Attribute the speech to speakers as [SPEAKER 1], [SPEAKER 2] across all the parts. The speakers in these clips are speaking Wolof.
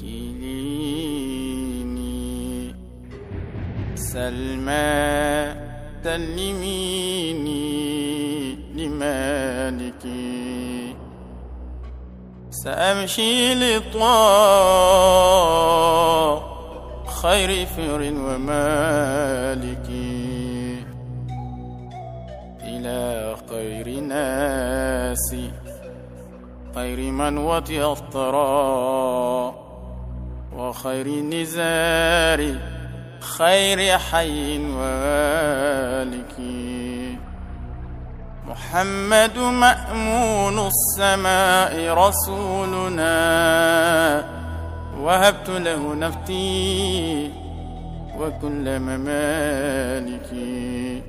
[SPEAKER 1] كليني سلمى سلميني لمالكي سأمشي لطوى خير فر ومالك إلى خير ناس خير من وطي الطراب وخير نزار خير حي والك محمد مأمون السماء رسولنا وهبت له نفتي وكل ممالكي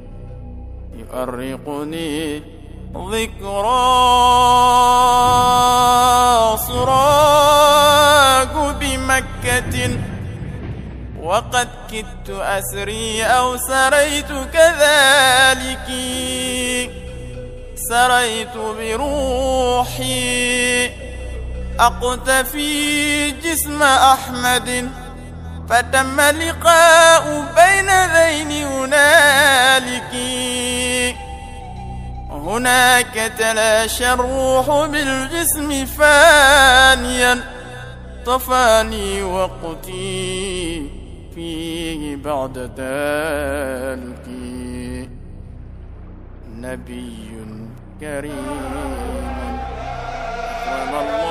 [SPEAKER 1] يؤرقني ذكرى صراك بي وقد كدت أسري أو سريت كذلك سريت بروحي أقتفي جسم أحمد فتم لقاء بين ذين هنالك هناك تلاشى الروح بالجسم فانيا اصطفاني وقتي فيه بعد تالكي نبي كريم أكرم الله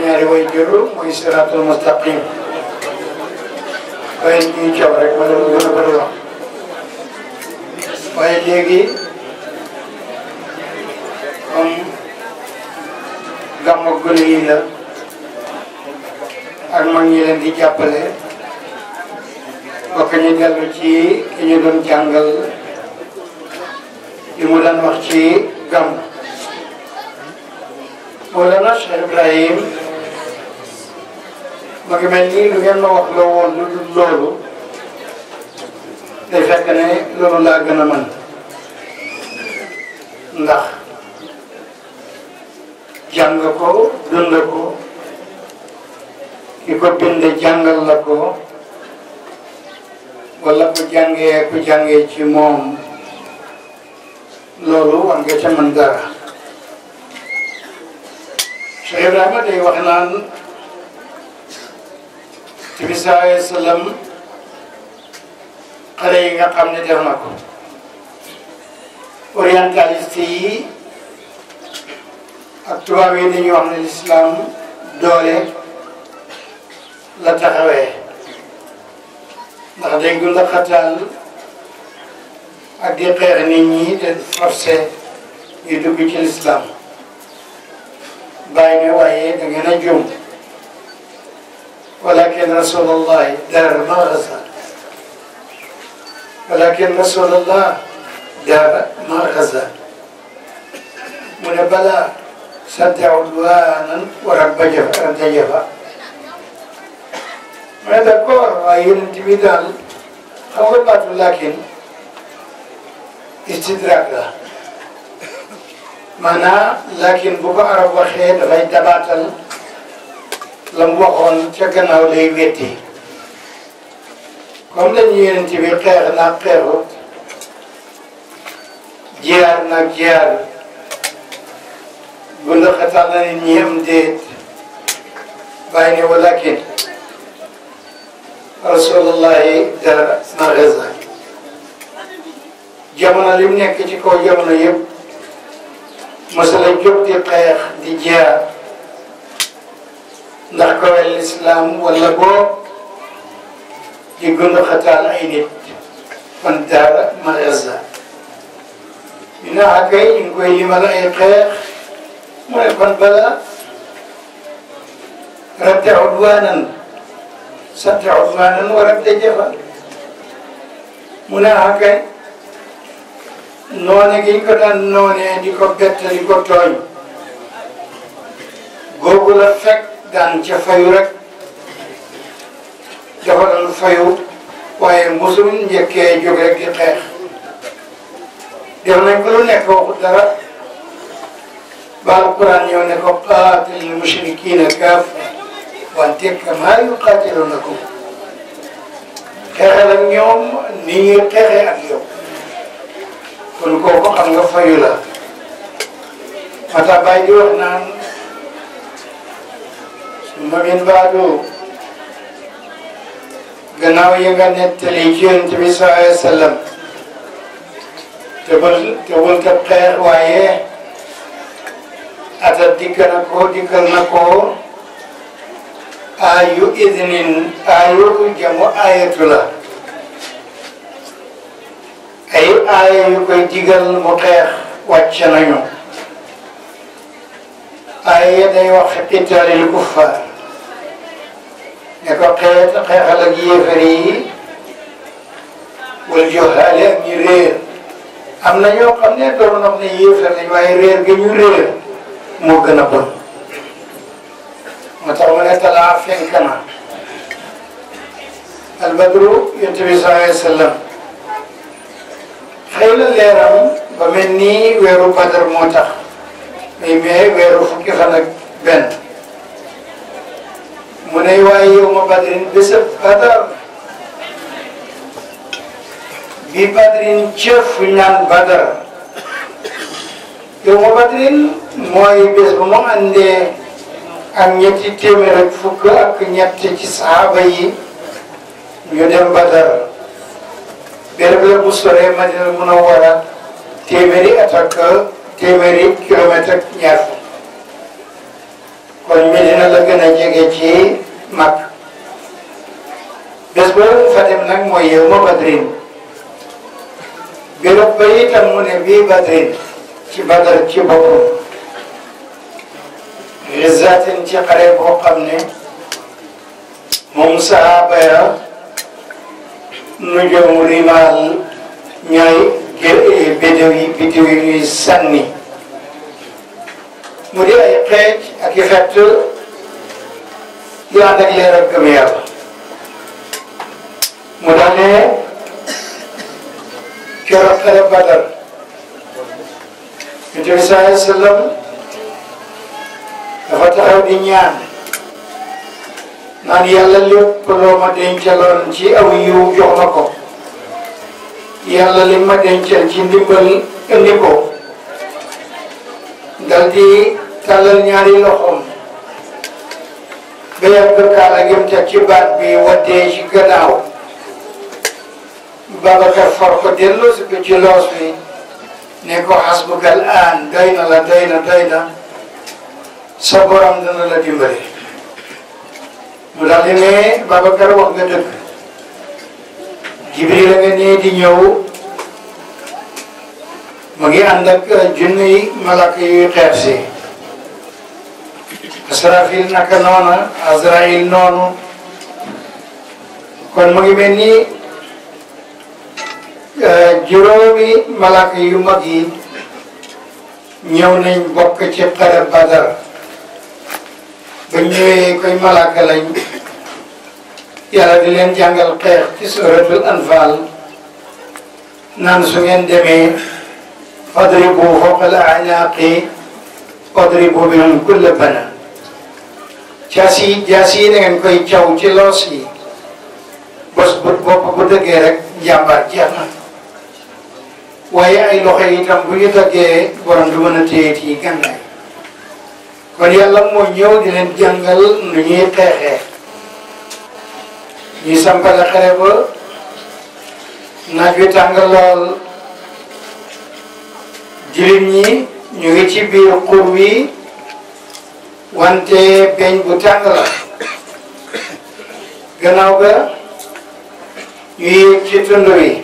[SPEAKER 2] ñaari way juru muy siraatul mustaqim waaye ñuy coow rek ma doon gën a bëri wax waaye léegi comme gàmmu gone yi la ak ñi leen di jàppale bokk ñu dellu ci ki ñu doon jàngal mu daan wax ci gàmmu Mawlana Cheikh Ibrahim mu ngi mel nii lu ngeen ma loolu day fekk ne loolu laa gën a mën ndax jàng ko dund ko ki ko bind jàngal la ko wala ku jàngee ku jàngee ci moom loolu war nga ca mën dara Cheikh Ibrahima day wax naan. ci bisalaay sallam xale yi nga xam ne def na ko orientaliste yi ak tubaab yi dañuy wax ne lislaam doole la taxawee ndax dañ ko xataal ak di xeex nit ñi te forcé yu dugg ci lislaam bàyyi ne waaye da a juum ولكن رسول الله دار ما غزا ولكن رسول الله دار ما غزا من بلا سد عدوانا ورب جفا جفا هذا كور غير انتميدان خلقات لكن استدراك لها معنى لكن بقى عرب وخير غير تباتل la mu waxoon ca gannaaw lay wetti comme lañu yeneen ci bi xeex naag xeexut jiyaar naag jiyaar bu la xatal na nit ñi am déet bàyyi ne walakin rasulullahi dara magasin jamono li mu nekk ci kaw jamono yëpp masala jóg di xeex di jiyaar ndax kowel lislaam wala boo di gënd xataal ay nit man daara malaise la ñu ne ah kay koy limal ay xeex mu ne kon bala rabte udwaanan sante udwaanan wa rabte jafa mu ne ah noone gi ko daan noonee di ko bett di ko tooñ googu daan ca fayu rek dafa daan fayu waaye mosul njëkkee jóg rek di xeex def nañ ko lu nekk waxut dara ba alquran ñëw ne ko qaatil mushrikiina kaafa wante kamaa yuqaatiluunakum xeexal ak ñoom ni ñuy xeexee ak yow kon kooku xam nga fayu la mata bàyyi di wax naan mamin baado gannaaw yi nga nettali ci yonent bi sallallahu alayhi wa sallam tebal tebal kab xeer waaye ata dikkal na ko dikkal na ko ayu idnin ayu jamu yu koy digal mu xeex wàcc nañu aaya day wax qitaalil kuffaar ne ko xeet xeexal ak yéefar yi wala joxaale ak ñu réer am na ñoo xam ne doon na ne yéefar lañ waaye réer ga ñu réer moo gën a bon moo tax mu ne talaa fenk na albadru yonent bi sallallahu alayhi wa sallam xëy na leeram ba mel nii weeru badar moo tax muy mais weeru fukki fan ak benn mu ne waaye yow ma badrin bésëb badar bi badrin cëf ñaan badar yow ma badrin mooy bés ba mu ak ñetti téeméer fukk ak ñett ci saaba yi ñu dem badar béréb la bu soree madina munawwara téeméeri at ak téeméeri kilomètre ak ñaar fukk kon Medina la gën a jege ci mag bés ba fa dem nag mooy yow ma badrin béréb ba itam mu ne bii badrin ci badar ci boppam rizatin ci xare boo xam ne moom sahaaba ya nu joom rimaal ñooy biddéw yi biddéw yi ñuy sànni mu di ay xeej ak i xett yu ànd leer ak gëm mu daal ne keroog xare Badar Yonent bi sallallahu alayhi wa sallam taxaw di ñaan naan yàlla lépp loo ma dencaloon ci aw yiw jox na ko yàlla li ma dencal ci ndimbal indi ko dal di tàllal ñaari loxoom ba yàgg kaala gi mu teg ci baat bi waddee ci gannaaw Babacar for ko delloosi ko ci loos bi ne ko xasbuka al aan doy na la doy na doy na sa borom dana la dimbale mu daal di ne Babacar wax nga dëgg Jibril la nga nee di ñëw mu ngi ànd ak junni malaka yuy xeer si Asrafil naka noona Azrail noonu kon mu ngi mel ni eh, juróomi malaaka yu mag yi ñëw nañ bokk ci xare Badar ba ñëwee koy malaaka lañ yàlla di leen jàngal xeex naan su ngeen demee fadribu fawqa al a'naqi wadribu minhum kulla banaan jaas yi jaas yi na ngeen koy caw ci loos yi bos bu bopp bu dëggee rek jàmbaar jeex na waaye ay loxo yi itam bu ñu dëggee borom du mën a téye ci gànnaay kon yàlla moo ñëw di leen jàngal nu ñuy xeexee ñuy sampale xare ba naaj wi tàng lool jirim ñi ñu ngi ci biir xur wi wante beñ bu tàng la gannaaw ga ñu yéeg ci tund wi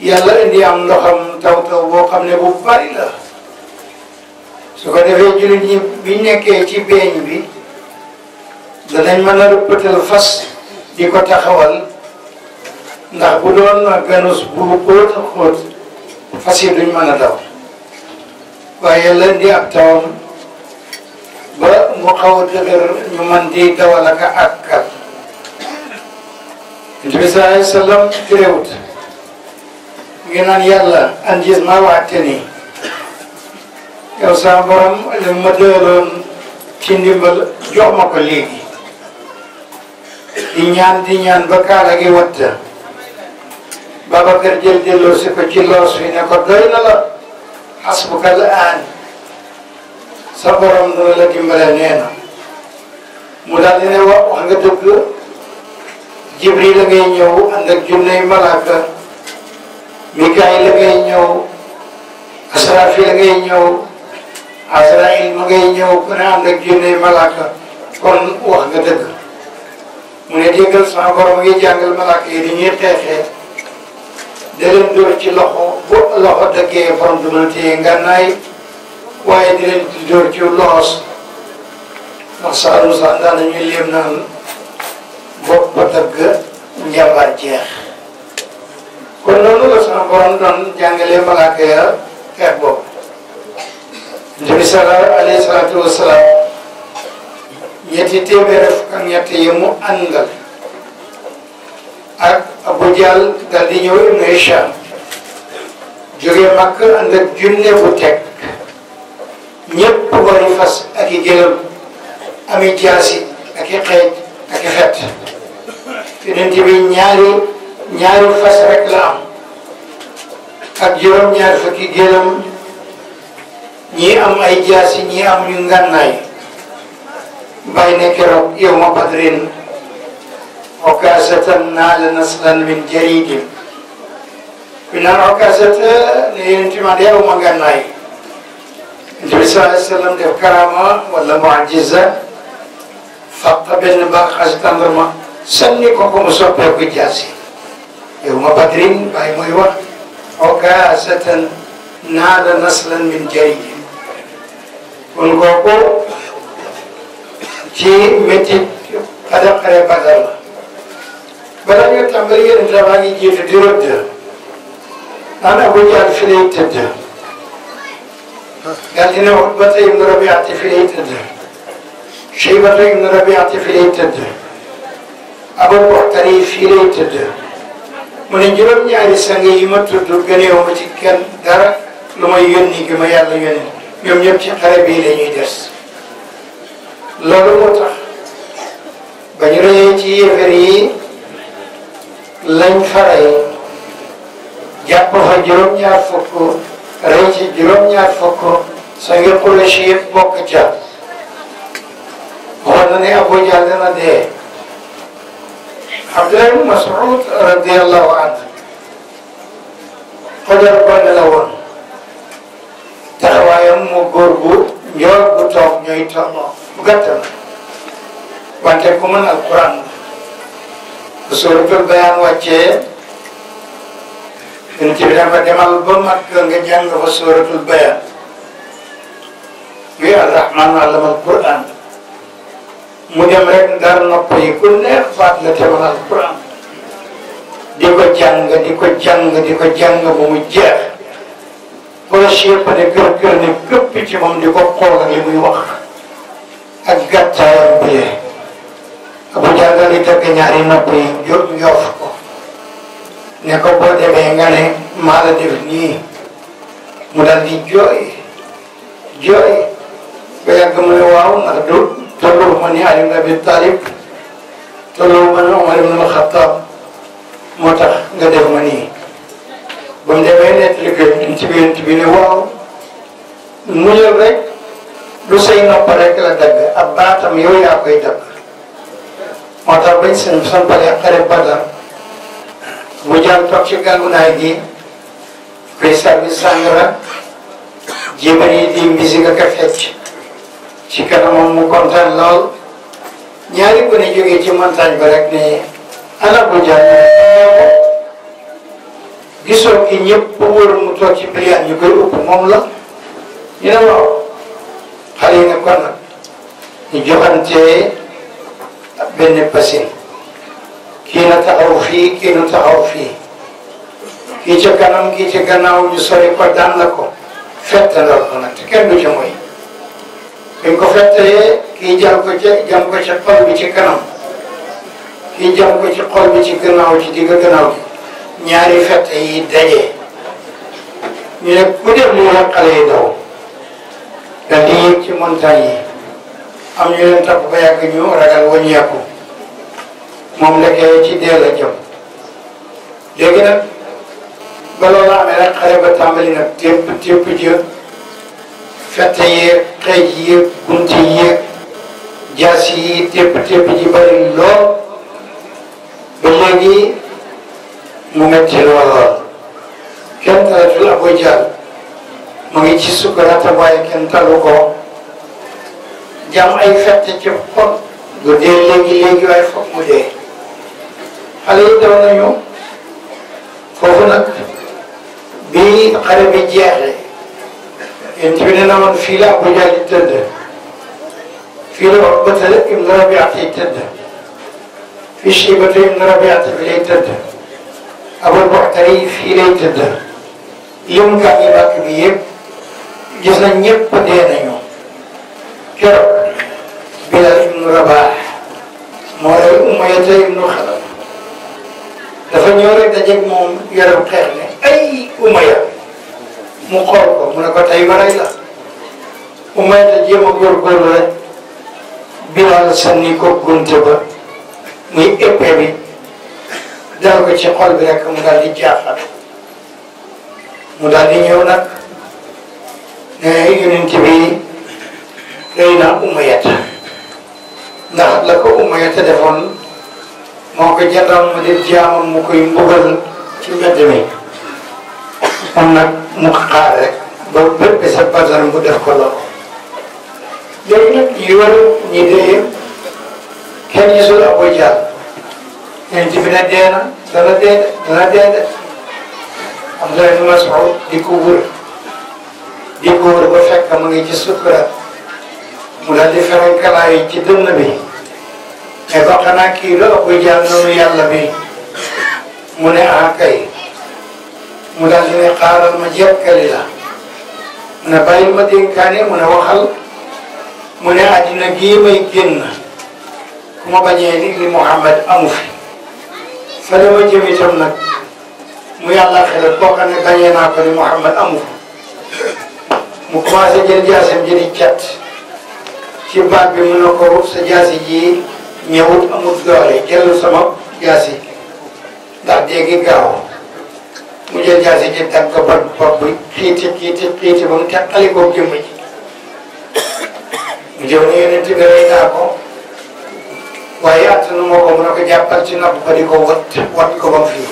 [SPEAKER 2] yàlla indi am ndoxam taw taw boo xam ne bu bari la su ko defee jullit biñ nekkee ci beeñ bi danañ mën a rëppatal fas di ko taxawal ndax bu doon ganus bu xóot a xóot fas yi duñ mën a daw waaye yàlla indi ab tawam mu xaw a dëgër ñu mën di dawal ak àggal. Yonent bi sallallahu alayhi wa sallam terewut ngi naan yàlla anjis ma waate ni yow sama borom li ma dëloon ci ndimbal jox ma ko léegi di ñaan di ñaan ba kaala gi watta Babacar jël delloo si ko ci loos fi ne ko doy na la xasbukal aan sa borom la dimbale nee mu daal di ne wax wax nga dëgg Jibril la ngay ñëw ànd ak junney malaaka Mikaayil la ngay ñëw Asraafil la ngay ñëw Asraayil ma ngay ñëw ku ne ànd ak junney malaaka kon wax nga dëgg mu ne déggal sama borom ngi jàngal malaaka yi di ñuy xeexee da leen dóor ci loxo bu loxo dëggee borom du mën a téye ngànnaay why didn't you di your loss? loos ndax saaru sax daanañuy léem naan bopp ba dagg njàmbaar jeex kon loolu la sama kan, Jadi doon jàngalee malaaka ya xeex boobu nabi sala alayhi salaatu wasalaam ak Abu Jal dal di ñëw Ibnu Hisham jógee nye wari fas ak i gëlëm ami jaasi ak i xeej ak nyari xet yonent bi ñaari ñaari fas rek la am ak juróom ñaar fukki gëlëm ñii am ay nyi ñii am ñu ngànnaay bay ne keroog yow ma badrin okasatan naslan min jaridin bi naan okasata ne yonent ma ma nabi sallallahu alayhi wa sallam karama wala mu'jiza fàq benn baax as tàndarma sànni ko ko mu soppeeku jaasi yow ma badrin bàyyi mooy wax okaasatan naala naslan min jariy kon kooku ci métti xare Badar la bala ñu tàmbali yéen damaa ngi jiitu di rëdd naan fi lay tëdd daal di ne Utbata ibnu Rabiata fi lay tëdd Shaybata ibnu Rabiata a lay tëdd Abul Baxtar yi fii lay tëdd mu ne juróom-ñaari sang yi ma tudd gëneewu ma ci kenn dara lu may yónni gi ma yàlla yónni ñoom ñëpp ci xare bii la ñuy des loolu moo tax ba ñu reyee ci yéefar yi lañ faray jàpp fa juróom-ñaar fukk rey ci juróom-ñaar fukk sa ngir Quraysh yëpp bokk ca wax na ne Abu Jahl dana dee Abdullah ibn Mas'ud radiyallahu anhu Xodar ba la woon taxawaayam mu góor bu njool bu toog ñooy tolloo bu gàttal wante ku mën alquran bu suuratul bayaan wàccee yonent bi dafa demal ba mat nga jàng fa suratul bayan wi ya arrahman allamal quran mu dem rek dara nopp yi ku neex faat la wal alquran di ko jàng di ko jàng di ko jàng ba mu jeex proche pa ne kër kër ne képp ci moom di ko xool ak li muy wax ak gàttaayam bi bu jàngal yi takk ñaari nopp yi jof ko ne ko boo demee nga ne maa di joy joy ba yàgg wau ne waaw mani du tolluwu ma ni Ali ibn Abi Talib tolluwu ma ni Omar ibn al-Khattab moo nga def ma nii ba bi ne wau rek lu say pare kela la abata ab baatam yow yaa mota dagg moo tax bañ seen Mujang Tokchikan Unai di Presa Bissangra Jibani di Mbizika Kefetch Jika nama mukontan lol Nyari puni juga cuman tanya balik nih Anak bujanya Gisok ini pungur mutua Ciprian juga upu ngomla Ini nama Hari ini kona Ini johan cahaya Bende kii na taxaw fii kii fii kii ci kanam kii ca gannaaw ñu sori ko daan la ko fette ndal ko nag kenn ci mooy bi ko fettee kii jam ko ca ko ca xol bi ci kanam kii jam ko ci xol bi ci gannaaw ci digg gannaaw ñaari fet yi dajee ñu ne ku def lii rek yi daw dañuy yëg ci montagne am ñu leen topp ba yàgg ñu ragal waññeeku moom lekkee ci dee la jëm léegi nag ba loolu amee nag nag tépp tépp jë fette yeeg xëy gunte yeeg jaas yi tépp tépp ji bari lool ba léegi mu metti lool lool kenn talatul Abu mu ngi ci sukkaraatam waaye kenn talu ko jàmm ay fette ci xol du dee léegi léegi waaye foog mu dee xale yi daw nañu foofu nag bi xare bi jeexee yéen bi ne na woon fii la Abu Jahl tëdd fii la Utbata ibn Rabiata yi tëdd fii Shaybata ibn Rabiata bi lay tëdd Abul Buxtari yi fii lay tëdd yëm kat yi bàkk bi yëpp gis nañ ñëpp dee nañu keroog Bilal ibn Rabaax moo rey Umayya ibn Xalaf dafa ñëw rek dajeeg moom yaram xeex ne ay umaya mu xool ko mu ne ko tey waray la umaya te jéem a góorgóorlu rek Bilaal sànni ko gunte ba muy épée bi dal ci xol bi rek mu daal di mu daal di ñëw nag ne yonent bi rey naa umayata ndax la ko umayata defoon moo ko jaral mu def jaamam mu koy mbugal ci mbedd mi kon nag mu xaar rek ba bépp sa badar mu def ko la léegi nag yoon kenn gisul Abu Jahl ñen ci bi na dana dee dana dee de Abdullah ibn Mas'ud di ko wër di ko wër ba fekk mu ngi ci sukuraat mu daal di fexe kalaay ci dënn bi ne ko xanaa kii la ëpp jàngalu yàlla bi mu ne ah kay mu daal di ne xaaral ma jekkali la ne bàyyi ma dénkaane mu ne waxal mu ne àddina gii may génn ku ma bañee ni li Muhammad amu fi mu yàlla xelal boo ne bañee naa ko ni Muhammad mu commencé jël jaasam cat ci baat bi mu ne ko sa jaasi ji ñëwut amul doole jël sama jaasi ndax dégg gaaw mu jël jaasi ji tànk ko bopp bopp bi xiiti xiiti xiiti ba mu teqali ko jëmm ji mu jëm ne yonent bi naa ko waaye attanu moo ko mun a jàppal ci nopp ba di ko wat wat ko ba fii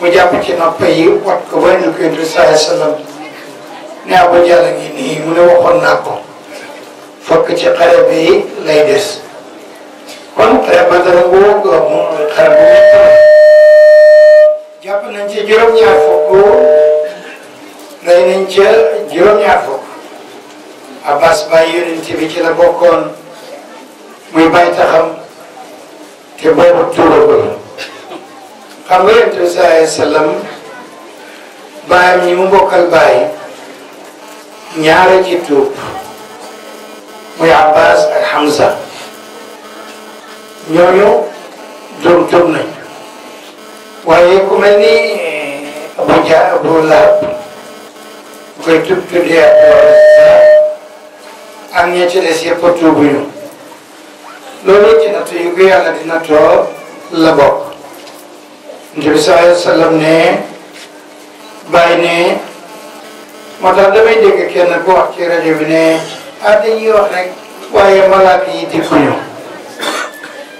[SPEAKER 2] mu jàpp ci nopp yi wat ko ba ñu koy du saa sallam ne Abu Jahl ngi nii mu ne waxoon naa ko fokk ci xare bi lay des kon badara boobu euh, moom xar bu métti la jàpp nañ ci juróom-ñaar fukk rey nañ ca juróom-ñaar fukk Abbas bàyyi yonent bi ci la bokkoon muy bàyyi taxam te boobu tuuragul xam nga yonent bi salaay sallam bàyyam ñi mu bokkal bàyyi ñaara ci tuub muy Abbas ak Hamza. ñooñu jóg jóg waaye ku mel ni eh, Abu Ja Abu Lahab bu koy tub tuddee ak ña ci des yëpp loolu ci natt yu ko yàlla di bi sallallahu alayhi wa sallam ne bàyyi ne moo tax damay dégg kenn ku wax ci rajo bi ne ah dañuy wax rek waaye malaaka yi dikkuñu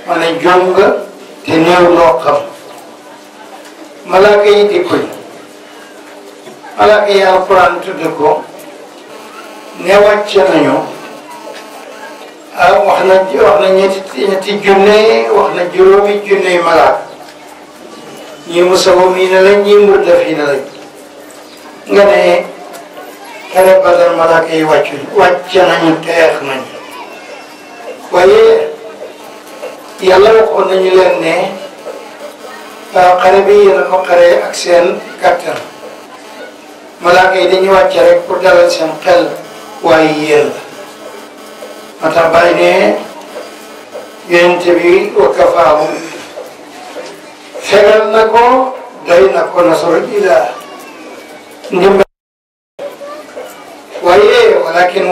[SPEAKER 2] ma ne juum nga te néew loo xam malaaka yi di koy malaaka yi alquran tudd ko ne wàcce nañu ah wax na ñetti ñetti junne wax na juróomi junne malaaka ñii musawwimiina lañ ñii murdafiina lañ nga ne xare Badar malaaka yi wàccu wàcce nañu teex nañu waaye yàlla waxoon nañu leen ne ah, xare bi yéen ko xare ak seen kàttan malaaka yi dañuy wàcce rek pour dalal seen xel waaye yéen ma tax bàyyi ne yonente bi wa kafaahu fegal na ko doy na ko nasarul ilah ndimbal waaye walakin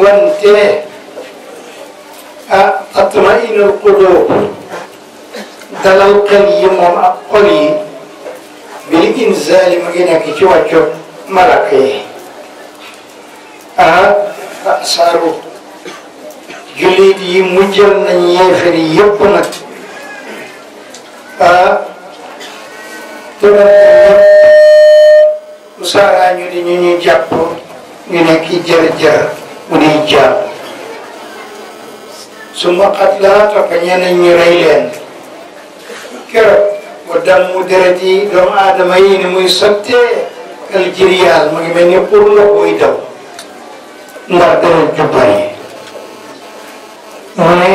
[SPEAKER 2] dalal xel yi moom ak xol yi bil inzaali mu ngi nekk ci wàccu malaka yi ah saaru jullit yi mujjal nañ yeefar yi yëpp nag ah tëral mu saaraa ñu di ñu ñu jàpp ñu nekk jër-jër mu di jaam su ma xat laa topp ñeneen ñu rey keroog wa dammu deret yi doomu aadama yi ni muy sottee aljiriyaal mu ngi mel ni pour ndox buy daw ndax deret ju bari mu ne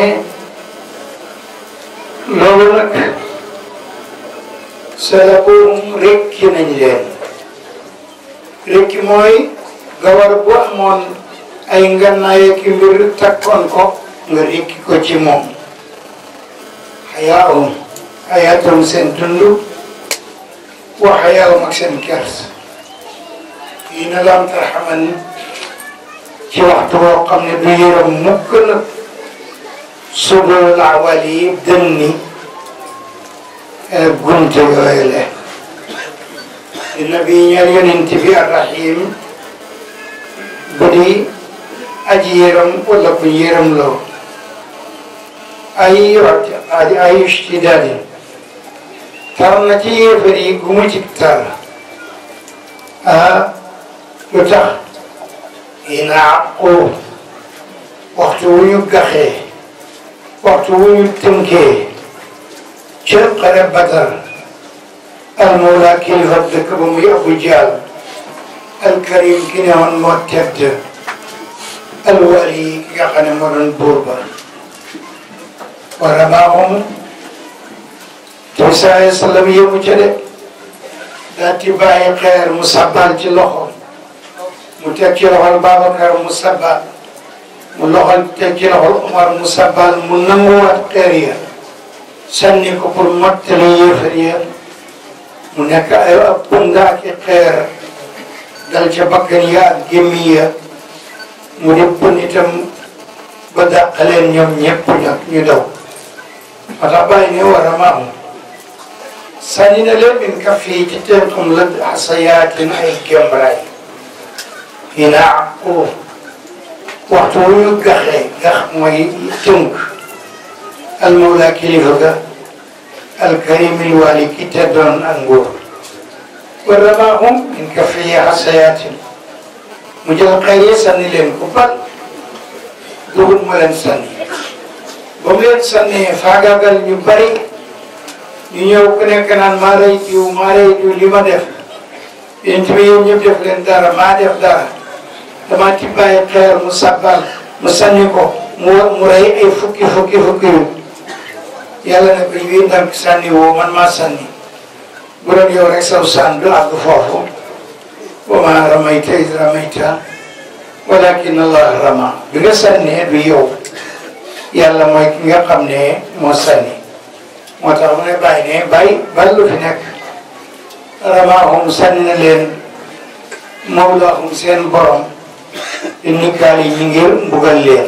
[SPEAKER 2] loolu nag rekki nañ rekki mooy gawar bu amoon ay ngannaay ak mbir takkoon ko nga rekki ko ci moom xayaa um حياتهم سنتندو وحياهم أكسن كرس إن لم ترحمن كي وقت وقم نبير ممكن سبل العوالي بدني قمت بغيله النبي يلين انتفي الرحيم بدي أجيرم ولا بيرم له أي أي اشتداد tar na ci yéefar yi gu mu ci tar ah lu tax in àqu waxtu wu ñu gaxee waxtu wu ñu tënkee ca xare Badar almawla kilifa dëkk ba muy Abu Jahl alkarim ki ne woon moo tedd alwali ki nga xam ne moo doon buur ba wa rabaahum te saa sallam yëmu ca de daal di bàyyi xeer mu sabbal ci loxo mu teg ci loxol Babacar mu sabbal mu loxol teg ci loxol Omar mu sabbal mu nanguwaat ya sànni ko pour mottali yéefar ya mu nekk ay ab punda ak xeer dal ca bakkan ya ak gémmiñ ya mu dëpp nitam ba dàqaleen ñoom ñëpp ñu daw moo tax bàyyi ne maamu سنين لم إنك في جتين تم لد حصيات لنحي جمراي هنا أوه وقتو يقخي يخ يتنك تنك المولى كليفك الكريم الوالي كتدون أنقور ورماهم من كفية حصيات مجل قيري سني لم قبل دون ملن سني ومن سني فاقا قل يبريك ñu ñëw ku nekk naan maa rey jiw maa rey jiw li ma def yéen tamit yéen dara maa def dara dama tibbaay xeer mu sabbal mu sànni ko mu rey fukki fukki fukki yu yàlla nag bi ñuy ndam sànni woo man maa sànni bu doon yow rek saw sànn du àgg foofu wa maa ramayta iz ramayta walakin allah rama bi nga sànnee du yow yàlla mooy ki nga xam ne moo sànni moo tax mu ne bàyyi ne bàyyi bari fi nekk ramaahum sànni na leen mawlaahum seen borom di nikkaal yi ñi ngir mbugal leen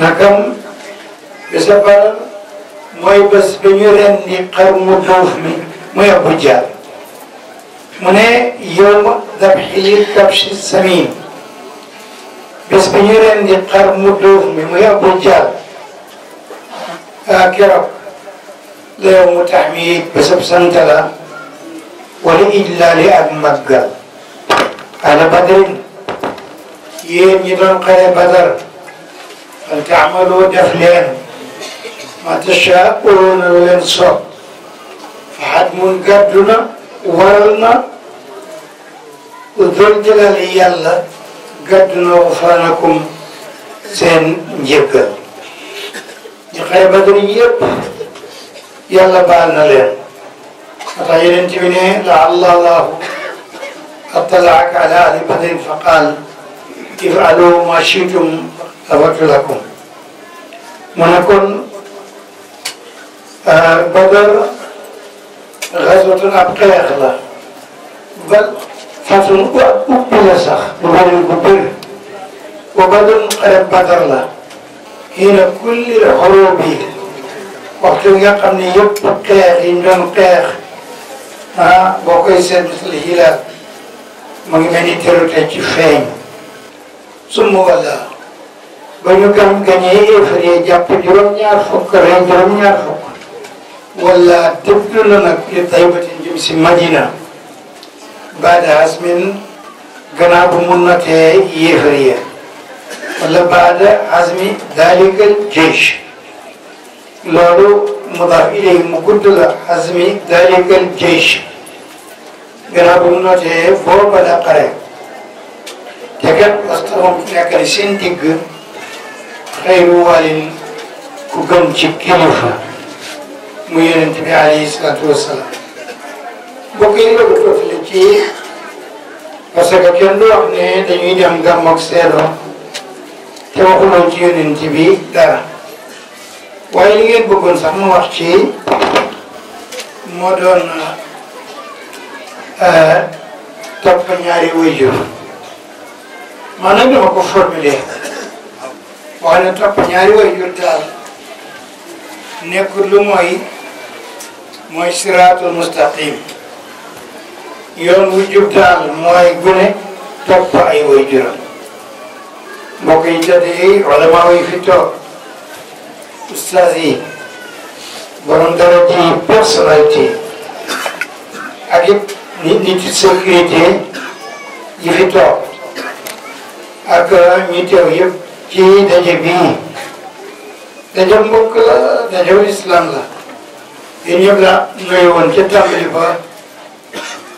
[SPEAKER 2] nakam bisa baral mooy bés ba ñu di xar mu mi muy abu mu ne yowma dabxi li kabshi samim bés ba ñu ren di xar mu duuf mi muy abu jaal keroog ليوم تعميد بسب سنتلا ولإلا لأب مكة أنا بدر يين يدون قيا بدر هل تعملوا دفلين ما تشاءون وينصب فحد من قدنا ورلنا وذل جلال الله قدنا وفانكم سين جبل يقيا بدر يب يلا بالنا ليه رأيين انت منه لا الله الله قد على أهل بدين فقال افعلوا ما شئتم أبك لكم منكن آه، بدر غزوة أبقى يخلى بل فصل أبقى سخ بدر كبير وبدر بدر له حين كل حروبه waxtu wi nga xam ne yëpp xeex yi ñu doon xeex ah boo koy seetlu hilaal mu ngi mel ni terute ci feeñ summa walla ba ñu gam gañee éefar yi jàpp juróom-ñaar fukk ren juróom-ñaar fukk walla dëgg la nag li taybatin jëm si madina baada hasmin gannaaw bu mun na tee yéefar yi walla baada hasmi dalika jeysh loolu mudaaf ilay mu gudd la azmi dalikal jeysh gannaaw bi mu nootee boo bala xare te kat parce que moom nekk na seen digg xayru walin ku gëm ci kilifa mu yonent bi alayhi salaatu wasalaam mbokk yi la ko toppale ci parce que kenn du wax ne dañuy dem gàmm ak seedoo te ci yonent bi dara waaye li ngeen bëggoon sax mu wax ci moo doon euh, topp ñaari waajur maanaam dama ko formulé wax ne topp ñaari waajur daal nekkul lu mooy mooy siraatul mustaqim yoon wu jub daal mooy gune topp ay waajuram mbokk yi tëdd yi wala maa ngi fi toog. ustaas yi borom daraja yi personnalité nit ci sécurité yi fi toog ak ñu teew yëpp ci daje bii daje mbokk la islam la yéen ñëpp la nuyu woon ca tàmbali ba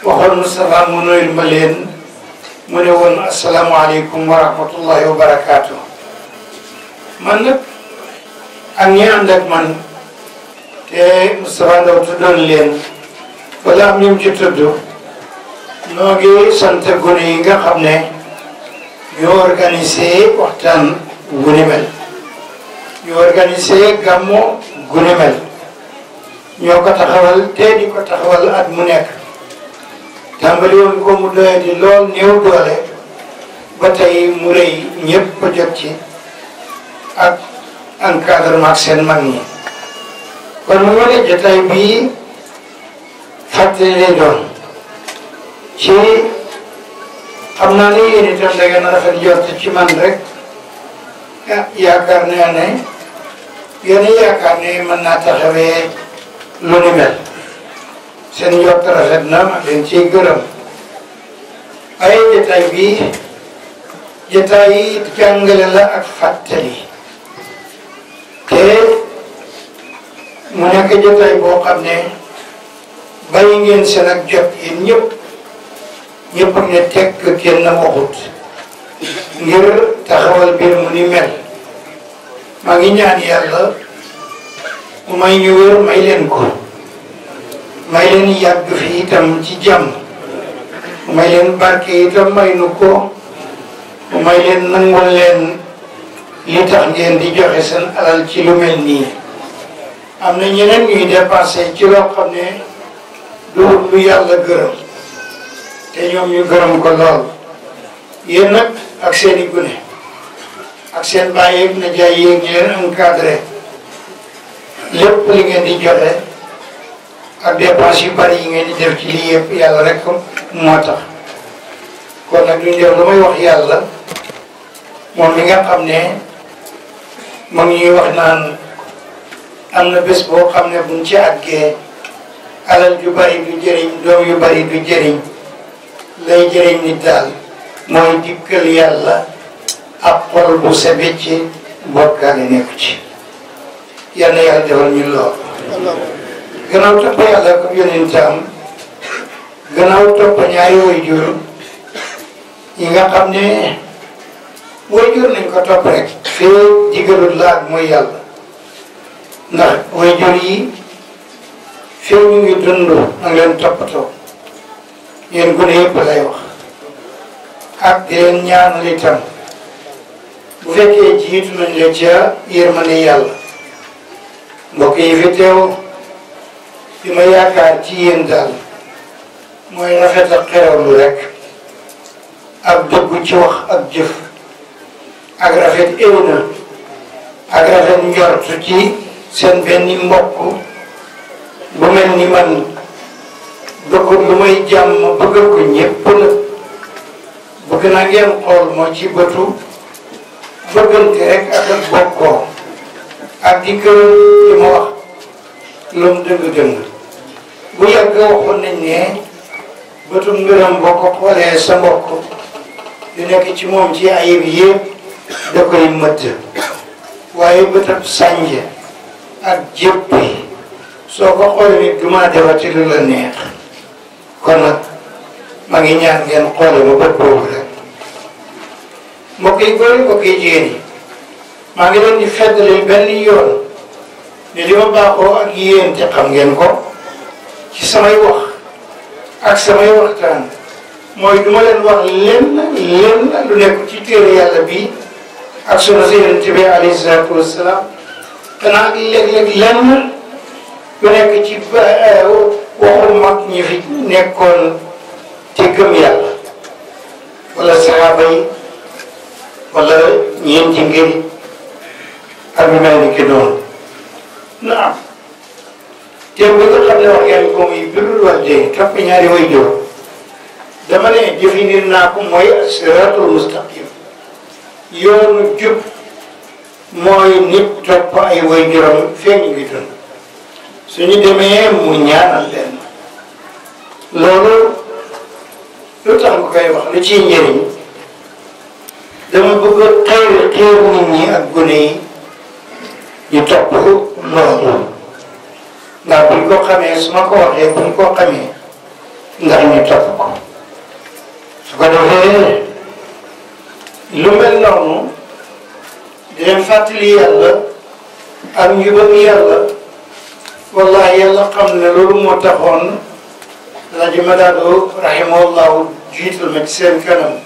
[SPEAKER 2] waxoon Moustapha mu nuyul ma leen mu ne woon asalaamaaleykum wa wa barakaatu man nag ak ñi ànd ak man te Moustapha Ndaw tuddoon leen wala am ñum ci tudd noo ngi sant yi nga xam ne ñoo organisé waxtaan gu mel ñoo organisé gàmmu gu mel ñoo ko taxawal te di ko taxawal at mu nekk tàmbali woon ko mu doye di lool néew doole ba tey mu rëy ñëpp jot ci ak encadrement ak seen mag ñi kon mu wane jotaay bii fàttali lay doon ci xam naa ni yéen itam da ngeen rafet jot ci man rek ah yaakaar naa ne yéen yaakaar ne mën naa taxawee lu ni mel seen jot rafet na ma leen ciy gërëm ay jotaay bii jotaay jàngale la ak fàttali te mu nekk jotaay boo xam ne bàyyi ngeen seen ak jot yéen ñëpp ñëpp ne tekk kenn waxut ngir taxawal biir mu ni mel maa ngi ñaan yàlla mu may ñu wér may leen ko may leen yàgg fi itam ci jàmm may leen barke itam may nu ko may leen nangul leen li tax ngeen di joxe seen alal ci lu mel nii am na ñeneen ñuy dépensé ci loo xam ne du lu yàlla gërëm te ñoom ñu gërëm ko lool yéen nag ak seen i gune ak seen bàyyeeg na jaay yéeg ñu leen encadré lépp li ngeen di joxe ak dépense yu bari yi ngeen di def ci lii yëpp yàlla rek moo tax kon nag duñ def lu may wax yàlla moom mi nga xam ne moom ñuy wax naan am na bés boo xam ne buñ ci àggee alal yu bari du jëriñ doom yu bari du jëriñ lay jëriñ nit daal mooy dikkal yàlla ab xol bu sebet ci bokkaale nekku ci yal na yàlla defal ñu lool gannaaw topp yàlla ko yonentam gannaaw topp ñaari way jur yi nga xam ne wayjur nañ ko topp rek fee digalul laaj mooy yàlla ndax wayjur yi fee ñu ngi dund na leen toppatoo yéen gune yëpp lay wax ak di ñaanal itam bu fekkee jiitu nañ la ca yërmande yàlla mbokk yi fi teew li ma yaakaar ci yéen daal mooy rafet ak xerewlu rek ak dëggu ci wax ak jëf ak rafet éw na ak ci seen benn mbokk bu mel ni man dëkkul lu may jàmm bëggal ko ñépp la bëgg na ngeen xool ci bëtu bëggante rek ak ak bokkoo ak di kër li ma dëgg-dëgg bu yàgg waxoon nañ ne bëtu ngërëm boo ko xoolee sa mbokk di nekk ci moom ci ayib yépp da koy mëtt waaye bëtam sànja ak jëppi so ko ko ni duma defati lu la neex kon nag maa ngi ñaan ngeen xoole ba bët boobu rek mbokk yi góor yi mbokk yi jigéen yi maa ngi leen di feddali benn yoon ne li ma ko ak yéen te xam ngeen ko ci samay wax ak samay waxtaan mooy duma len wax lenn lenn lu nekk ci téere yàlla bii ak su si yonent bi alayhi salaatu wasalaam danaa léeg-léeg lenn lu nekk ci eh, waxu mag ñi fi nekkoon te gëm yàlla wala saxaaba yi wala ñeenti ngir ak ki noonu na am te bi nga xam ne wax ngeen ko muy birul ñaari way dama ne naa ko mooy siraatul mustaqim yoonu jub mooy nit topp ay waajuram feeñ ngi dund suñu demee mu ñaanal leen loolu lu tax nga koy wax lu ciy njëriñ dama bëgg a teel teew nit ñi ak gune yi ñu topp loolu ndax buñ su ma ko waxee buñ ko xamee ndax ñu topp ko su ko defee lu mel noonu di leen fàttali yàlla ak njubam yàlla wallahi yàlla xam ne loolu moo taxoon rajo Madado rahimahullahu jiital ma ci seen kanam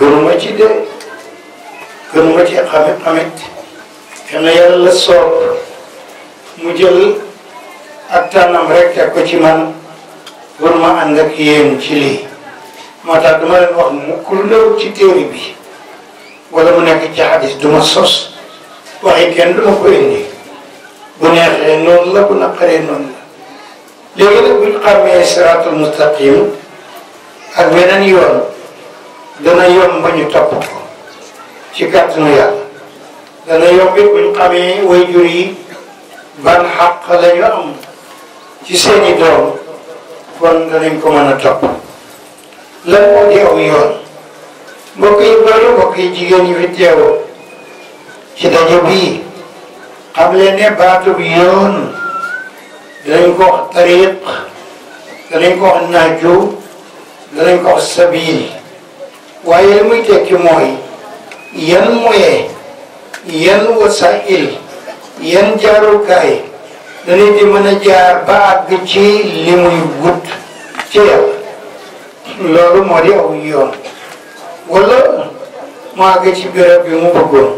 [SPEAKER 2] gënuma ci dee gënuma ci la soob mu jël ak tànnam rek teg ak yéen ci lii moo tax dama leen wax mukk ci théorie bi wala mu nekk ci xadis du ma sos waxi kenn du ma ko indi bu neexee noonu la bu naqaree noonu la léegi nag bu ñu xàmmee mustaqim ak beneen yoon dana yomb ñu topp ko ci kàttanu yàlla dana yomb it ñu xamee way jur yi ban xàq la ñu ci seeni doom kon danañ ko mën a topp lan moo di aw yoon mbokk yi góor yi yi jigéen yi fi teewoo ci daje bii xam leen ne baatub yoon danañ ko wax tariq danañ ko wax naaju danañ ko wax sabiil waaye li muy tekki mooy yan moyen yan wasail yan jaarukaay danañ di mën a jaar ba àgg ci li muy wut ci loolu moo oh, di aw yoon wala mu àgg ci béréb bi mu bëggoon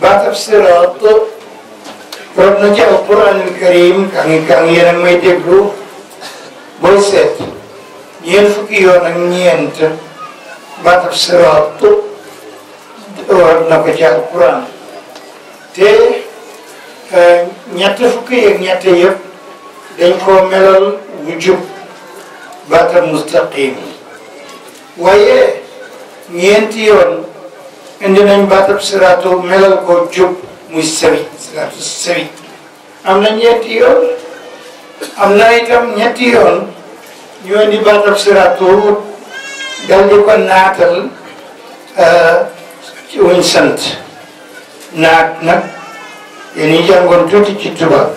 [SPEAKER 2] baatab siraat rot na ci alquranil karim ka ngi ka ngi yéen a may déglu booy seet ñeent fukki yoon ak ñeent baatab siraat war na ko ci alquran te ñett eh, fukki yeeg ñett yëpp dañ koo melal bu baatal mustaqim waaye ñeenti yoon indi nañ baatal siraatu melal ko jub muy siraatu sewi am na ñeenti yoon am na itam ñetti yoon ñu indi baatal siraatu dal di ko sant naat nag yéen ñi jàngoon tuuti ci tubaab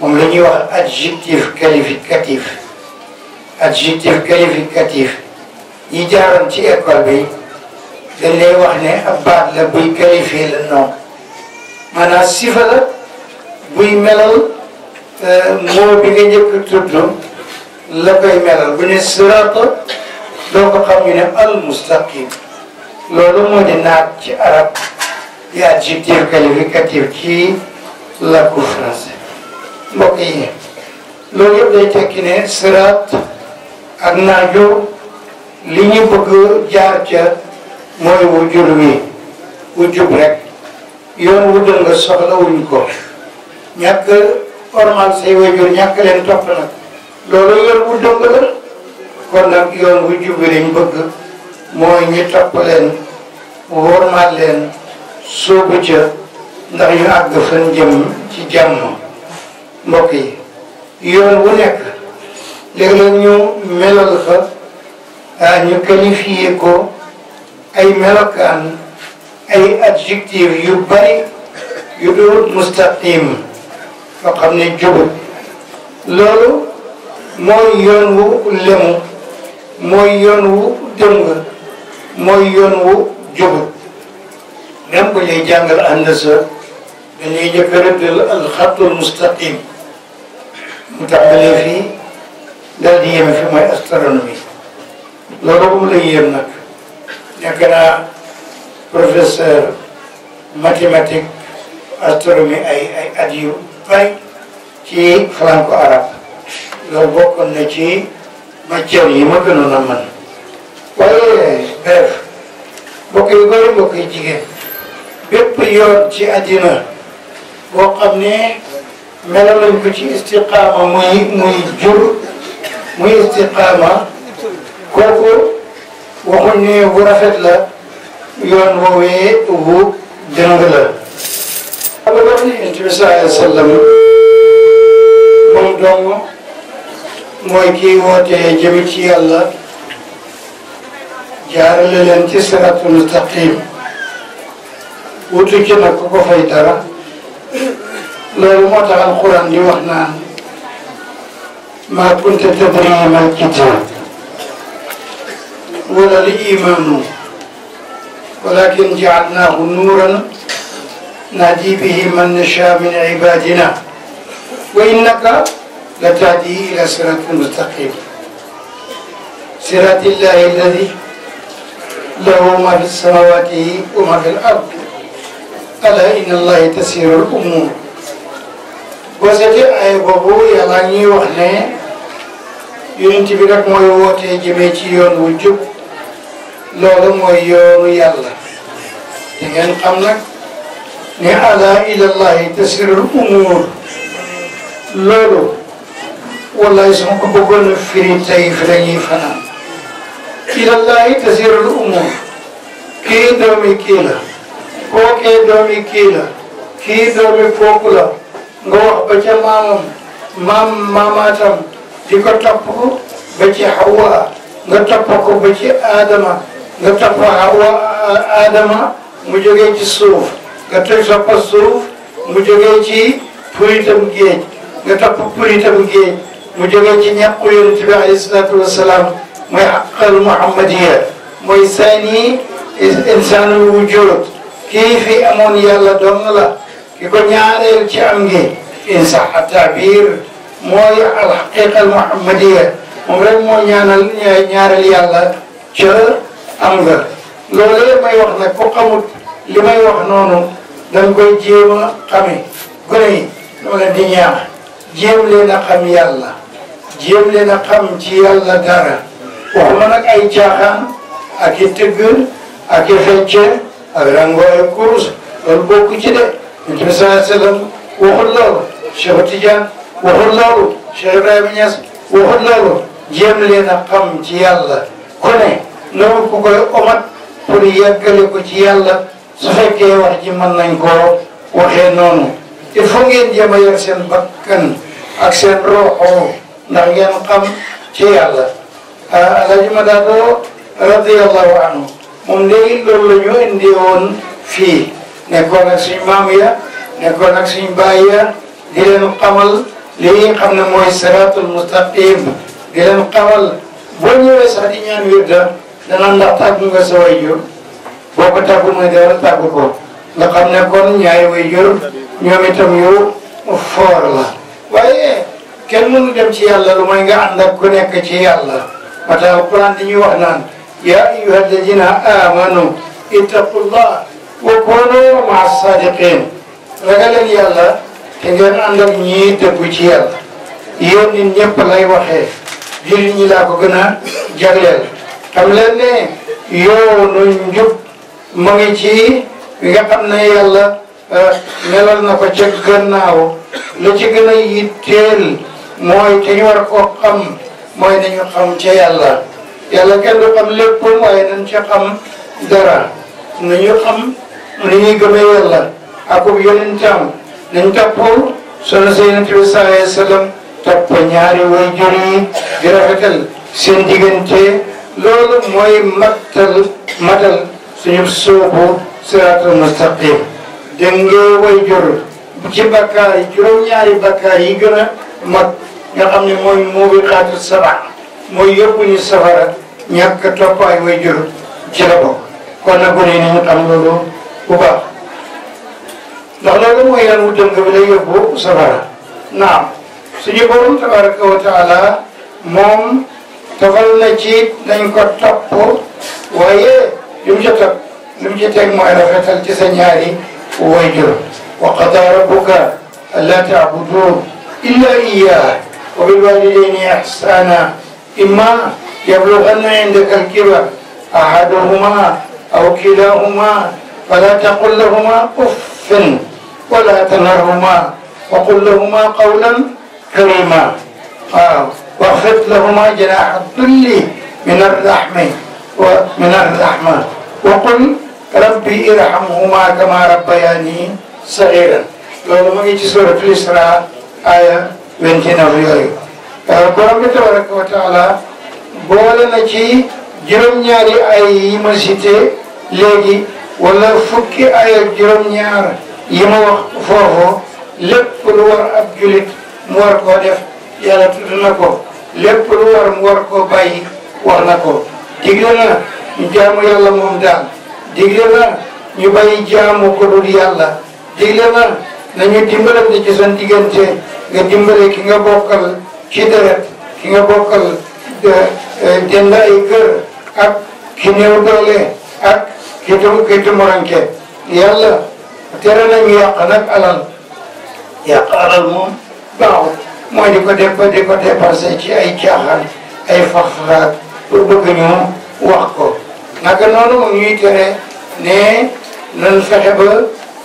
[SPEAKER 2] moom la ñuy wax adjectif qualificatif adjectif qualificatif yi jaaroon ci école bi dañ lay wax ne ab baat la buy qualifier la non maanaam sifa la buy melal euh, moo bi nga njëkk tudd la koy melal bu ne sirata doo ko xam ñu ne al mustaqim loolu moo di naat ci arab di adjectif qualificatif ci làkku français mbokk yi loolu yëpp day tekki ne sirat ak naajo li ñu bëgg jaar ca mooy wu jur wi wu rek yoon wu dëng soxla wuñ ko ñàkk ormal say wajur ñàkk leen topp nag loolu yoon wu dëng la kon nag yoon wu jub bi bëgg mooy ñu topp leen wormal leen sóobu ca ndax ñu àgg fan jëm ci jàmm mbokk yi yoon wu nekk léegi nag ñu melal fa ah ñu qualifié ko ay melokaan ay adjectifs yu bari yu dul mustaqim yoo xam ne jubut loolu mooy yoon wu lemu mooy yoon wu dëng mooy yoon wu jubut même bu ñuy jàngal andasa dañuy njëkk a rëddal alxatul mustaqim mu tàmbalee fii dal di yéeme fi mooy astronomie loolu bu la yéem nag nekk naa professeur mathématique astronomie ay ay yu bari ci franco arabe loolu bokkoon na ci matière yi ma gënoon a mën waaye bref mbokk yu bëri mbokk yu jigéen bépp yoon ci àddina boo xam ne melal nañ ko ci istiqaama muy muy jur muy istiqaama kooku waxuñ ne bu rafet la yoon woowee bu jëng la. xam nga wax ni Yonent bi sallallahu alayhi wa sallam moom dong mooy kii wootee jëm ci yàlla jaarale leen ci siraatul mustaqim wutu ci nag ku ko fay dara loolu moo tax alquran di wax naan. ما كنت تدري ما الكتاب ولا الإيمان ولكن جعلناه نورا نهدي به من نشاء من عبادنا وإنك لتهدي إلى صراط مستقيم صراط الله الذي له ما في السماوات وما في الأرض ألا إن الله تسير الأمور boo seetee ay boobu yàlla wax ne yonent mooy wootee jëmee ci yoon wu jub loolu mooy yoonu yàlla te ngeen xam nag ne ala ilallahi tasirul umur loolu wallahi sama ko bëggoon fi la ñuy fanaan ilallahi tasirul umur kii doomi kii la kookee doomi kii la kii doomi kooku nga wax ba ca maamam maam maamaatam di ko topp ba ci Hawa nga topp ko ba ci Adama nga topp Hawa Adama mu jógee ci suuf nga topp suuf mu jógee ci puritam géej nga topp puritam géej mu jógee ci ñàqu yonent bi alayhi salaatu wasalaam mooy aqal muhammadiya mooy saani insaanul wujud kii fi amoon yàlla doon la li ko ñaareel ci am ngi in a tabir mooy alxaqiqa al muhammadiya moo ñaanal ñaareel yàlla ca am nga loolee may wax nag ku xamut li may wax noonu dañ koy jéem a xame gone yi dama leen di ñaax jéem leen a xam ci yàlla dara waxuma nag caaxaan ak i tëgg ak i fecce ak rangooy course ci de Yonent bi sallallahu alayhi wa sallam waxul loolu Cheikh Tidiane waxul loolu Cheikh Ibrahima Niass waxul loolu jéem leen a xam ci yàlla ku ne loolu ku koy omat pour yàggale ko ci yàlla su fekkee wax ji mën nañ koo waxee noonu il faut ngeen jéem a yor seen bakkan ak seen roxo ndax ngeen xam ci yàlla Alaaji Madaado radiyallahu anhu moom léegi loolu la fii nekkoon ak suñu maam ya nekkoon ak suñu baay ya di leen xamal lii nga xam ne mooy siraatul mustaqim di leen xamal boo ñëwee sax di ñaan wirda danaan ndax tàggu nga sa waajur boo ko tàggu mooy dara tàggu ko nga xam ne kon ñaari waajur ñoom itam yu foor la waaye kenn mënu dem ci yàlla lu mooy nga ànd ak ku nekk ci yàlla ba tax alquran di ñuy wax naan yaa ayyuha alladina amanu ittaqullah wa kunu ma sadiqin ragal leen yàlla te ngeen ànd ak ñii dëggu ci yàlla yéen nit ñëpp lay waxee jullit laa ko gën a jagleel xam leen ne yoonu njub mu ngi ci nga xam ne yàlla eh, melal na ko ca gannaaw lu ci gën a yitteel mooy te ñu war koo xam mooy nañu xam ca yàlla yàlla kenn du xam lépp waaye nañ ca xam dara nañu xam ni ñuy gëmee yàlla akub yonentam nañ toppoo solo si yonent bi sallallahu alayhi wa sallam topp ñaari way jur yi di rafetal seen diggante loolu mooy mattal matal suñu soobu siraatal mustaqim dégg nga way jur ci bakkaar yi ñaari bakkaar yi gën a mag xam ne mooy muubiqaatu saba mooy yóbbu ñu safara ñàkk topp way jur ci la bokk kon ni ñu xam ku baax ndax loolu mooy yan wu dëng bi lay yóbbu safara naam suñu borom tabaraka wa taala moom tafal na ci dañ ko topp waaye li mu ca topp li mu ca teg mooy rafetal ci sa ñaari wayjur wa qada rabbuka alla taabudu illa iyyah wa bil walidayni ihsana imma yablughanna indaka al-kibara ahaduhuma aw kilahuma فلا تقل لهما اف ولا تنهرهما وقل لهما قولا كريما آه. واخفض لهما جناح الذل من الرحمة ومن الرحمة وقل ربي ارحمهما كما ربياني صغيرا loolu mu ngi ci suratul Isra aya 29 yooyu borom bi tabaraka wa taala boole na ci juróom-ñaari ay yi ma cité léegi wala fukki ay ak juróom-ñaar yi ma wax foofu lépp lu war ab julit mu war koo def yàlla tudd na ko lépp lu war mu war koo bàyyi wax na ko digle na ñu jaamu yàlla moom daal digle na ñu bàyyi jaamu ko dul yàlla digle na nañu dimbalante ci seen diggante nga dimbale ki nga bokkal ci deret ki nga bokkal jënd eh, eh, ay kër ak ki néew doole ak kii tam kii tumuranke yàlla tere nañu yàq nag alal yàq alal moom baaxul mooy di ko def ko dépensé ci ay caaxaan ay faxaraat pour bëgg ñu wax ko naka noonu mu ñuy tere ne nan fexe ba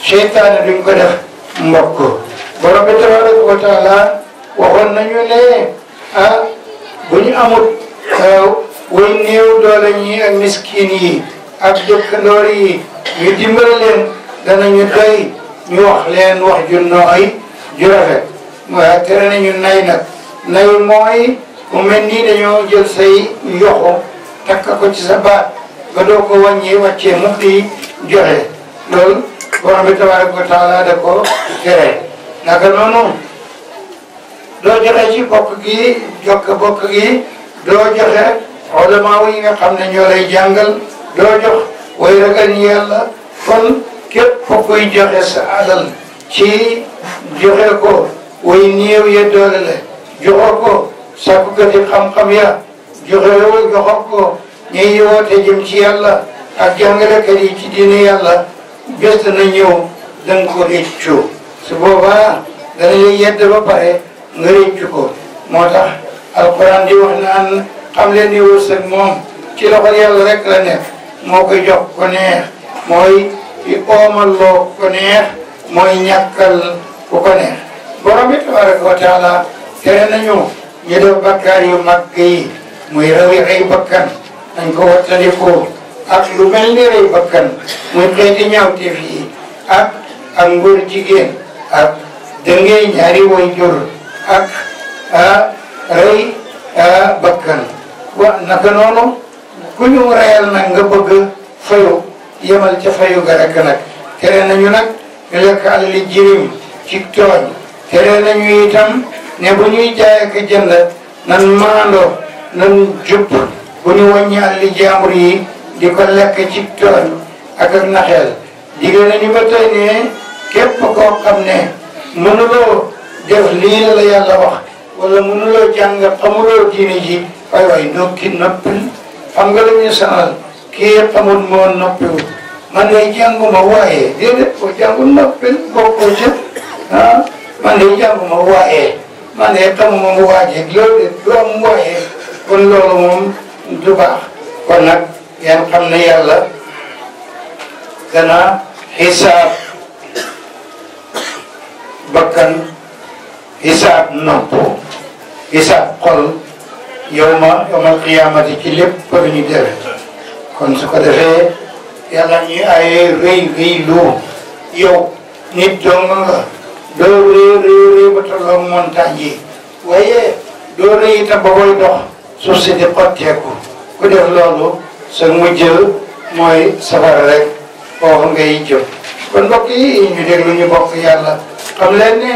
[SPEAKER 2] seytaane duñ ko def mbokk borom bi tabaraka wa taala waxoon nañu ne ah bu ñu amut eh, way néew doole ñi ak miskin yi ak dëkkandoor yi ñu dimbale leen danañu doy ñu wax leen wax ju nooy ju rafet waaye tere nañu nay nag nay mooy mu mel nii dañoo jël say yoxo takka ko ci sa baat ba doo ko wàññi wàccee mukk yi joxe loolu borom bi tabaraka wa taala da ko tere naka noonu doo joxe ci bokk gi jokk bokk gi doo joxe ulama yi nga xam ne ñoo lay jàngal doo jox way ragal yàlla kon képp ku koy joxe sa alal ci joxe ko way néew ya doole la joxe ko sàkkukati xam-xam ya joxe woo joxe ko ñuy woote jëm ci yàlla ak jàngalekat yi ci diine yàlla bés dana ñëw danga ko réccu su boobaa dana lay ba pare nga réccu ko moo ci loxol yàlla rek la nekk moo koy jox ko neex mooy di oomalloo ko neex mooy ñàkkal ku ko neex borom bi tabaraka wa taala tere nañu ñu def bakkaar yu mag yi muy rawi ay bakkan dañ ko wattandikoo ak lu mel ni rëy bakkan muy xeeti ñaawteef yi ak ak ngóor jigéen ak dëngee ñaari jur ak ah, rëy ah, bakkan wa naka noonu ku ñu reyal nag nga bëgg fayu yemal ca fayu ga rek nag tere nañu nag ñu lekk alali jirim ci tooñ tere nañu itam ne bu ñuy jaay ak jënd nan maandoo nan jub bu ñu wàññi alali jaambur yi di ko lekk ci tooñ ak ak naxeel digle nañu ba tey ne képp koo xam ne mënuloo def lii la yàlla wax wala mënuloo jàng xamuloo diine ji waay waay nokki noppil Ang galing niya sa kaya pamunmon na po. Manhijang gumawa eh. Dili po diyang unapin po yang gue mau wae eh? mana itu mau eh? mau wae eh? dia glory mo mau wae pun lo lo mau coba yan yang na yala. Kana, hisap. Bakan, hisap na po. Hisap kol. yow ma yomal xiyaamati ci lépp lu ñu def kon su ko defee yàlla ñu ayee rëy rëy loo yow nit dong nga doo rëy rëy rëy ba tolloo yi waaye doo rëy itam ba koy dox si di xotteeku ku def loolu sa mujj mooy safara rek foofu ngay jëm kon mbokk ñu déglu ñu bokk yàlla xam leen ne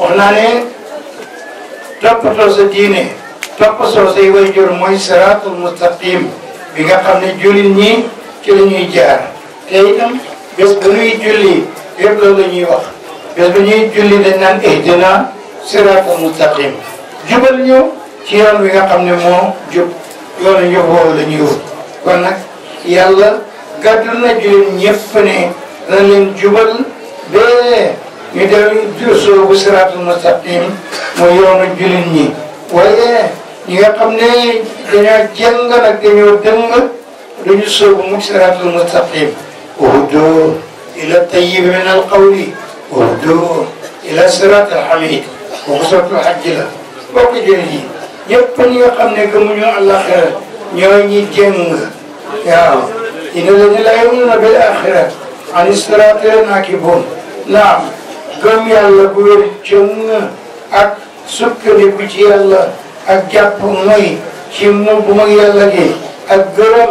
[SPEAKER 2] wax naa sa diine topp soo say way jur mooy siraatul mustaqim bi nga xam ne jullit ñi ci la ñuy jaar te itam bés ba ñuy julli yëpp loolu la wax bés ba ñuy julli dañ naan ihdina siraatul mustaqim jubal ñëw ci yoon wi nga xam ne moo jub yoonu njub woowu la ñuy wut kon nag yàlla gàddul na jullit ñëpp ne dana leen jubal bee ñu dellu soobu siraatul mustaqim mooy yoonu jullit ñi waaye ñi nga xam ne dañoo jëng nag dañoo dëng duñu sóobu mukk siraatul mustaqim uhduu ila tayyib min alqawli uhduu ila siraat alhamid kooku sotu xaj la bokk jëlee ji ñëpp ñi nga xam ne gëmuñu àllaaxira ñoo ñi jëng waaw inna lladiina laa yu'minuuna bil aaxirati ani siraati naakibuun naam gëm yàlla bu wér jëng ak sukkandiku ci yàlla ak jàpp mooy ci mbubbuma yàlla gi ak gërëm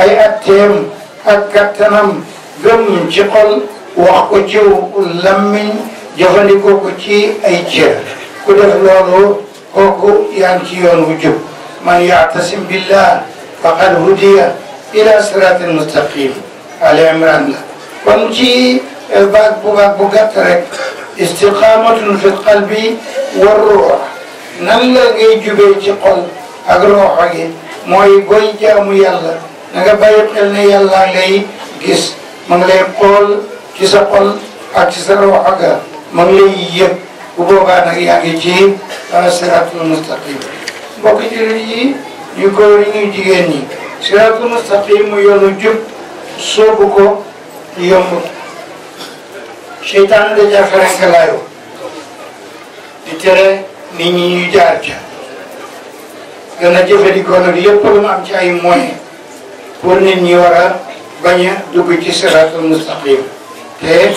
[SPEAKER 2] ay atteem ak kattanam gëm ci xol wax ko ci lammiñ jëfandikoo ko ci ay cër ku def loolu kooku ci yoon wu jub man yaatasim billah faqad hudiya ila siratil mustaqim ali imran la kon eh, bu baag bu gàtt rek istiqamatun nan la ngay jubee ci xol ak rooxo gi mooy booy jaamu yàlla na nga bàyyi xel ne yàlla ngay gis ma ngi lay xool ci sa xol ak ci sa rooxo ga ma ngi lay yëg bu boobaa nag yaa ngi ci siratul mustaqim mbokk jullit yi ñu góor ñu jigéen ñi siratul mustaqim mu yoonu jub soobu ko yomb seytaan da jaafarankalaayu di tere nit ñi ñu jaar ca gën a jëfandikoo nag lépp lu mu am ci ay moyens pour nit ñi war a bañ a dugg ci siraatul te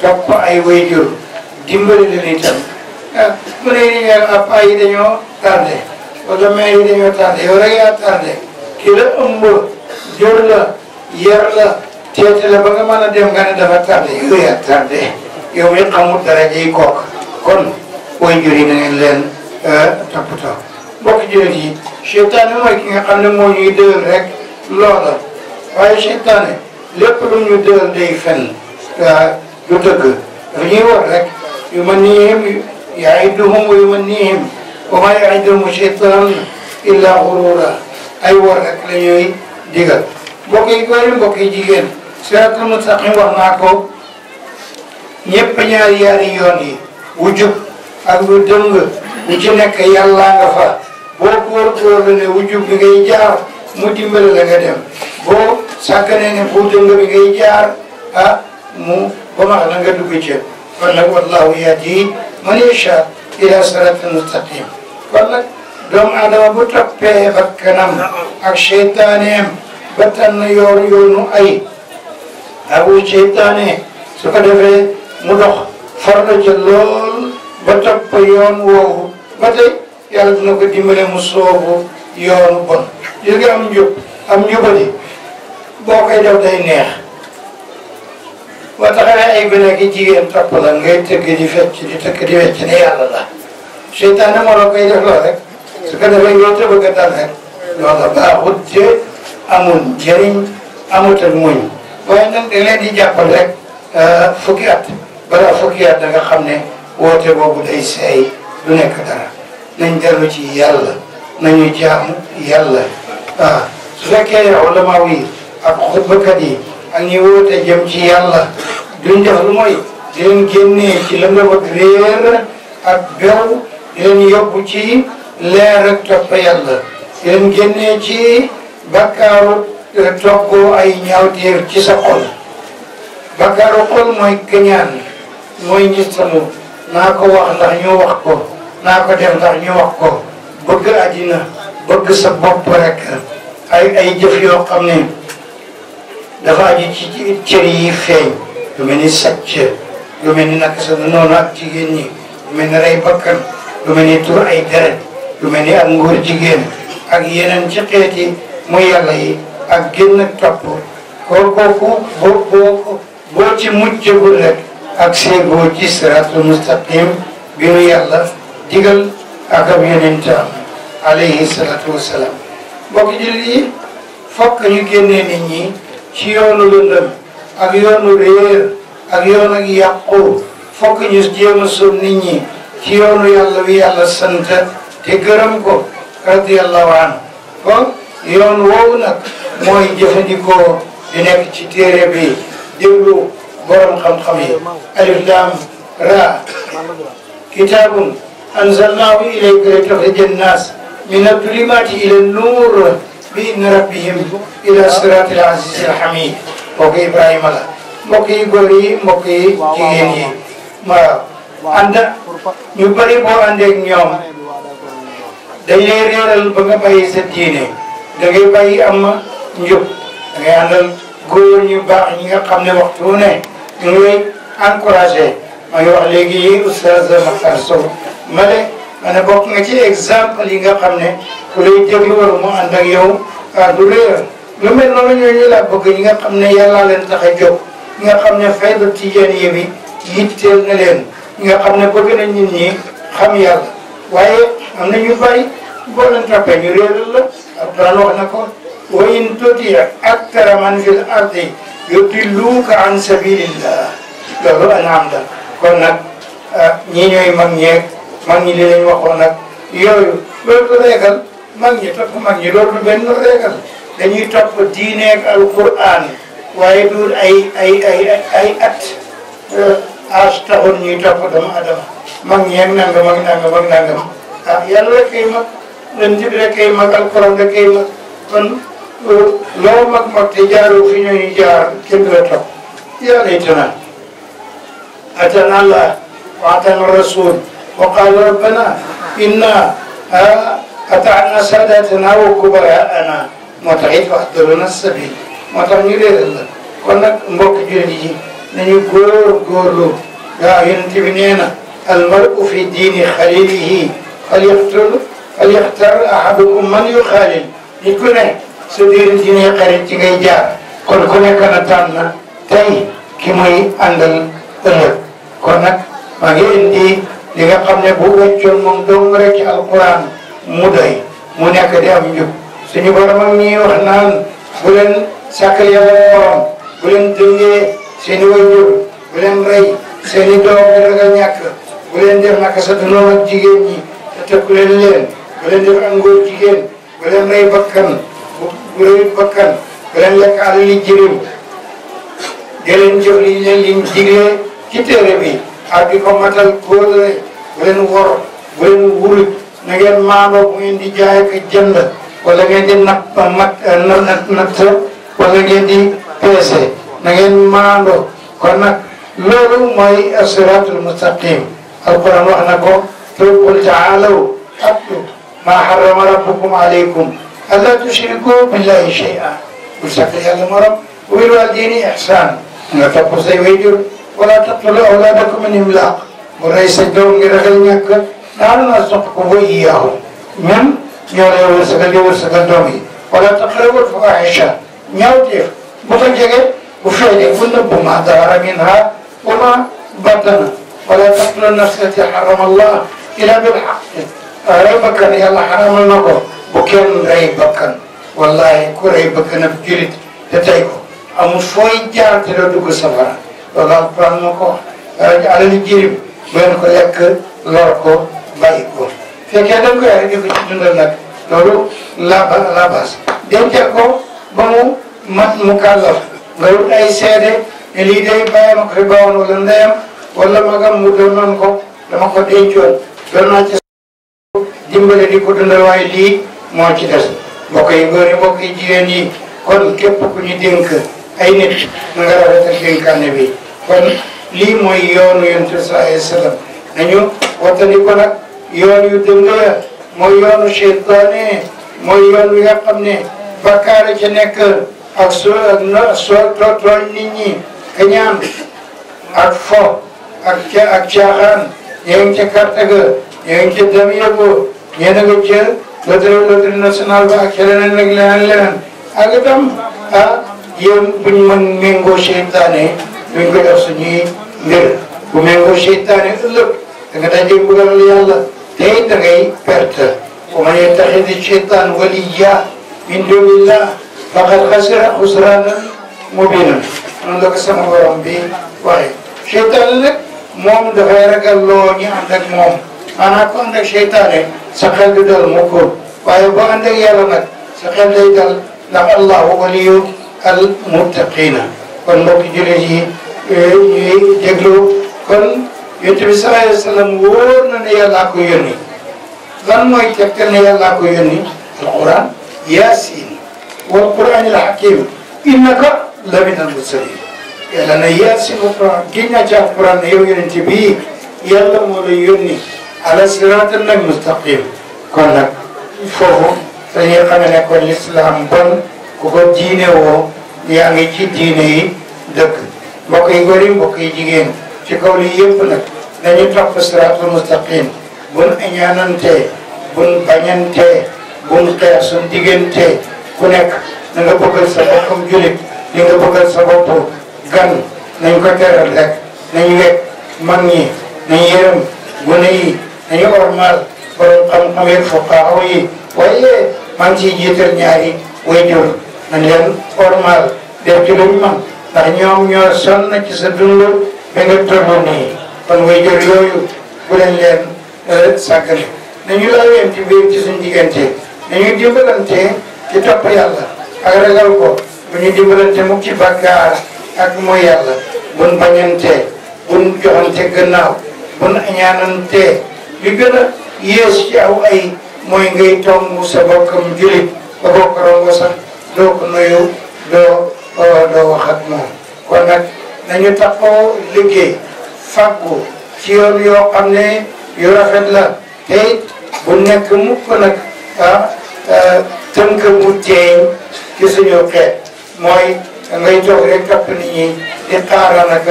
[SPEAKER 2] topp ay wayjur dimbali leen itam ah mu ne nii ab ay dañoo tardé wala mère yi dañoo tardé yow rek yaa tardé ki la ëmb la yar la teete ba nga mën a dem nga ne dafa tardé yow yaa tardé yow mi xamul dara jëy kook kon. way jur yi na leen euh, toppatoo mbokk jullit yi seytaane mooy ki nga xam ne moo ñuy dëgal rek loola waaye seytaane lépp lu ñu dëgal day fen euh, du dëgg dafa ñuy war rek yu ma niihim yaiduhum wa yu ma niihim wa ma yaiduhum seytaan illa xurura ay war rek la ñuy digal mbokk yi góor yi mbokk jigéen siraatul mustaqim wax naa ko ñëpp ñaari yaari yoon ak lu dëng lu ci nekk yàllaa nga fa boo góorgóorlu ne wujub bi ngay jaar mu dimbale la nga boo sàggane ne bu dëng bi ngay jaar ah mu ba max na nga dugg ci kon nag wallahu yahdi man yasha ila siratin mustaqim kon nag doomu adama bu toppee bakkanam ak seytaaneem ba tànn yoor yoonu ay awu seytaane su ko defee mu dox farla ca ba topp yoon woowu ba tey yàlla dina ko dimbale mu soobu yoonu bon gis nga am njub am njubadi boo koy def day neex ba taxawee ay gone gi jigéen topp la ngay tëgg di fecc di tëgg di wecc ne yàlla la seytaane moo koy def lool rek su ko defee yow bëgg a dal rek loola baaxut te amul njëriñ amutal muñ waaye nag da leen di jàppal rek euh, fukki at balaa fukki at da nga xam ne woote boobu day seey du nekk dara nañ dellu ci yàlla nañu jaamu yàlla waaw ah, su fekkee ulamaaw yi ak xutbakat yi ak ñi woote jëm ci yàlla duñ def lu mooy di leen génnee ci lëndëm ak réer ak bew leen yóbbu ci leer ak topp yàlla leen génnee ci bakkaaru eh, toggoo ay ñaawteer ci sa xol bakkaaru xol mooy kañaan mooy ñistamu naa ko wax ndax ñu wax ko naa ko def ndax ñu wax ko bëgg àddina bëgg sa bopp rek ay jëf yoo xam ne dafa aju ci cër yi feeñ lu mel ni sàcc lu mel ni naka noonu ak jigéen ñi lu rey bakkan lu mel ni ay deret lu mel ni ak nguur jigéen ak yeneen ci xeeti mu yàlla yi ak génn topp koo kooku boo boo boo ci rek ak seegoo ci siraatul mustaqim bi nu yàlla digal ak ab yonentam alayhi salaatu wasalaam mbokk jullit yi fokk ñu génnee ñi ci yoonu lëndëm ak yoonu réer ak yoon ak yàqu fokk ñu jéem a sóob nit ñi ci yoonu yàlla wi yàlla sant te gërëm ko radiyallahu anhu kon yoon woowu nag mooy jëfandikoo di nekk ci téere bi déglu borom xam-xam yi alif laam ra kitaabun anzalnaahu ilayka litukhrijan naas min adulumaati ila nuur bi idni rabbihim ila siraatil aziizil hamiid mbokk Ibrahima la mbokk yi góor yi mbokk yi jigéen yi waaw ànd ñu bëri boo àndeeg ñoom dañ lay réeral ba nga bàyyi am njub da ngay àndal góor ñu baax ñi ne waxtu ñu ngi encouragé ma ngi wax léegi oustaz Makhtar Sow ma ne ma ne bokk nga ci exemple yi nga xam ne ku lay déglu war mu ànd ak yow ah, du réer lu mel noonu ñooñu laa bëgg ñi nga xam ne yàllaa leen tax a jóg nga xam ne fayda tijaan yi bi yitteel na leen ñi nga xam ne bëgg nañ nit ñi xam yàlla waaye am na ñu bari boo leen toppee ñu réeral la Alxuraan wax na ko wa in tuti' a man fil ardi yudilluuka an sabilillah loolu anaam la kon nag ah, ñii ñooy mag ñeeg mag ñi li leen waxoon nag yooyu loolu du mag ñi topp mag ñi loolu benn reegal dañuy topp diineeg alquran waaye duul ay ay ay at âge ah, taxul ñuy topp doomu adama mag ñeeg nangam ak nangam ak nangam ah yàlla rek kay mag lan mag alquran rek kay mag kon لو ما كنت جار وفينا نجار كم بيتوا يا ليتنا أتنا الله وأتنا الرسول وقال ربنا إنا أتعنا سادتنا وكبرياءنا متعيف أحضرنا السبيل متعيف أحضرنا الله كنا نبوك جيني نجي غور غورو يا ينتي بنينا المرء في دين خليله فليختار أحدكم من يخالل sa diir ci ngay ci ngay jaar kon ku nekk na tànn tey ki muy àndal ëllëg kon nag maa ngi indi li nga xam ne bu weccoon moom dong rek ci alquran mu doy mu nekk di am njub suñu borom ak ñuy wax naan bu leen sàkkal yàlla borom bu leen dëngee seen i wajur bu leen rey seen i doom bi ragal ñàkk bu leen def naka sa dunoon ak jigéen ñi te tëkku leen leen bu leen def ak ngóor jigéen bu leen rey bakkan yooyu bakkan bu leen lekk alali jirim di leen jox li leen bi ak matal kóolare bu leen wor bu leen wuruj na ngeen maandoo bu ngeen di jaay ak jënd wala ngeen di napp mat natt wala ngeen di peese na ngeen maandoo kon nag loolu mooy wax na ko qul taalaw atlu maa harrama rabbukum aleykum ألا تشركوا بالله شيئا هذا المرض وبالوالدين إحسان نتقص زي ويدر ولا تقتلوا أولادكم من إملاق وليس الدوم غير يكر نعم نرزقكم وإياهم من يولي ورسقل ورسقل الدومي ولا تقربوا الفواحش نيوتيف متجه وفعل كل بما دار منها وما بطن ولا تقتلوا النفس التي حرم الله إلا بالحق أريبك أن يلا حرام المقر kenn rey bakkan wallahi ku rey bakkan ab julit te ko amul fooy jaar te doo dugg safara loolu alquran moo ko alali jirim mën ko lekk lor ko bàyyi ko fekkee da nga koy dundal nag loolu laaba laabas dencal ko ba mu mat mu kàllaf ay seede ne lii day bàyyam ak ribawoon wala ndeyam wala magam mu doonoon ko dama ko dencoon doon naa ci dimbale di ko dundal waaye lii moo ci des mbokk yi góor yi mbokk yi jigéen yi kon képp ku ñu dénk ay nit na nga rafetal dénkaane bi kon lii mooy yoonu yonent bi sallallahu alayhi wa sallam nañu wattandi ko nag yoon yu dëng mooy yoonu seytaane mooy yoon wi nga ne bakkaar ca ak so ak no soo tooñ nit ñi kañaan ak fo ak ca loterie loterie nationale ba ak leneen ak leneen leneen ak itam ah yéen bu ñu mën méngoo seytaane duñ ko def suñuy mbir bu méngoo seytaane ëllëg da nga dajee bëggal yàlla te da ngay perte wa man yattaxidi seytaan waliya min dunillah faqad xasira xusraanan mubiinan noonu la ko sama borom bi waxee seytaan nag moom dafay ragal loo ñu ànd ak moom maanaam ku ànd ak seytaane sa xel du dal mu ko waaye boo ànd ak yàlla nag sa xel day dal ndax allahu waliyu al muttaqina kon mbokki jullit yi eh, ñuy déglu kon yonent bi sallallahu alayhi wa sallam wóor na ne yàllaa ko yónni lan mooy tegtal ne yàllaa ko yónni alquran yaasin wal quran al hakim innaka la min al mursalin yàlla na yaasin alquran giñ na ci alquran ne yow yonent bi yàlla moo lay yónni ala siraatal lañ mustaqim kon nag foofu dañuy xamee ne kon lislaam bon ku ko diine woo yaa ngi ci diine yi dëkk mbokk yi góor yi mbokk jigéen ci kaw li yëpp nag dañuy topp siraatal mustaqim bun añaanantee bun bañantee bun xeex suñ ku nekk na nga bëggal sa boppam julit nga bëggal sa gan nañ ko teral rek nañ wekk mag ñi nañ yërëm gune yi dañu ormal borom xam-xam yi waaye maa ngi ciy jiital ñaari waajur nañ leen ormal def ci luñ man ñoom ñoo sonn ci sa dund ba nga toll nii kon waajur yooyu bu leen leen sàggane nañu laween ci biir ci suñ nañu dimbalante ci topp yàlla ak ragal ko bu ñu dimbalante mukk ci bàkkaar ak mooy yàlla bun bañante bun joxante gannaaw bun añaanante li gën a yees ci aw ay mooy ngay tomb sa bokkam julit ba bokk rongo sax doo ko nuyu doo euh, doo wax ak kon nag nañu taxoo liggéey fàggu ci yoon yoo xam ne yu rafet la te it bu nekk mukk nag ah euh, tënk bu teey ci suñu xeet mooy ngay toog rek topp nit ñi di xaaral nag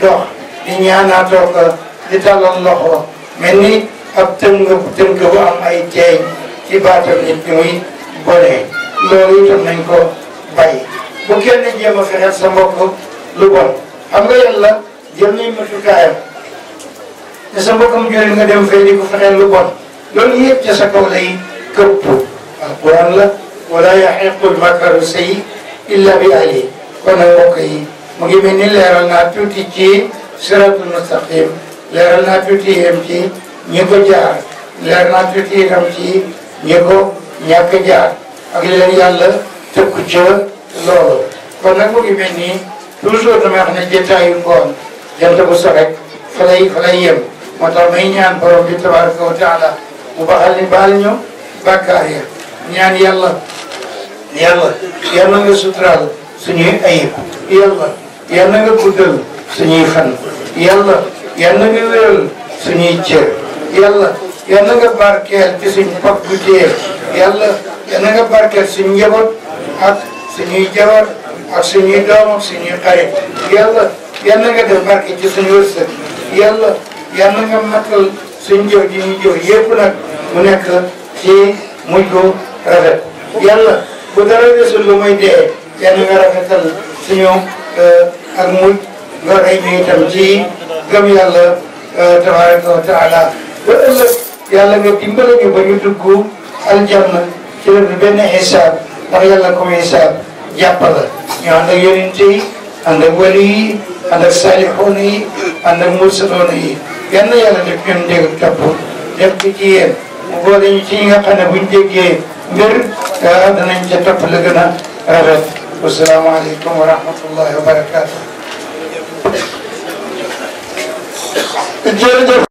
[SPEAKER 2] dox di ñaanaatoo ko di tàllal loxo mel ab tënk tënk bu am ay teeñ ci baatam nit ñi muy bonee loolu itam ko bàyyi bu kenn jéem a fexeel sa mbokk lu bon xam nga yàlla jël nañ matukaayam te sa mbokkam jullit nga dem fee di ko fexeel lu bon loolu yëpp ca sa kaw lay këpp alquran la wala yaxiqul makaru sayyi illa bi ahlihi kon nag mbokk yi mu ngi mel ni leeral naa tuuti ci siratul leeral na tuuti yem ci ñi ko jaar leer naa tuuti itam ci ñi ko ñàkk jaar ak leen yàlla tëkku ca loolu kon nag mu ngi mel nii toujours damay wax ne jotaayu ngoon jant bu so rek fa lay fa lay yem moo tax may ñaan borom bi tabaraka wa taala mu baxal ni baal ñu bàkkaar ya ñaan yàlla yàlla yàlla nga suturaal suñuy ayib yàlla yàlla yal na nga wéral suñuy cër yàlla yal na nga barkeel ci suñ pap yàlla yal na nga barkeel suñ njaboot ak suñuy jabar ak suñuy doom ak suñuy xarit yàlla yal na nga def barke ci suñu wërsëg yàlla ñu jëf yépp nag mu nekk ci mujj bu rafet yàlla bu dara desul lu muy dee yal na nga rafetal suñu euh, ak mujj loolu ay ñuy itam ci gëm yàlla euh, tabaraka wa taala ba ëllëg yàlla nga dimbale ñu ba ñu dugg aljanna ci def benn xisaab ndax yàlla comme xisaab jàpp la ñu ànd ak yonent yi ànd ak wali yi ànd ak saalixoon yi ànd ak mursaloon yi yal na yàlla def ñun dégg topp def bi ci yéen mu boole ñu ci ñi nga xam ne buñ déggee mbir ah, danañ ca topp la gën a rafet wasalaamaaleykum wa rahmatullahi wa barakatuh jërëjëf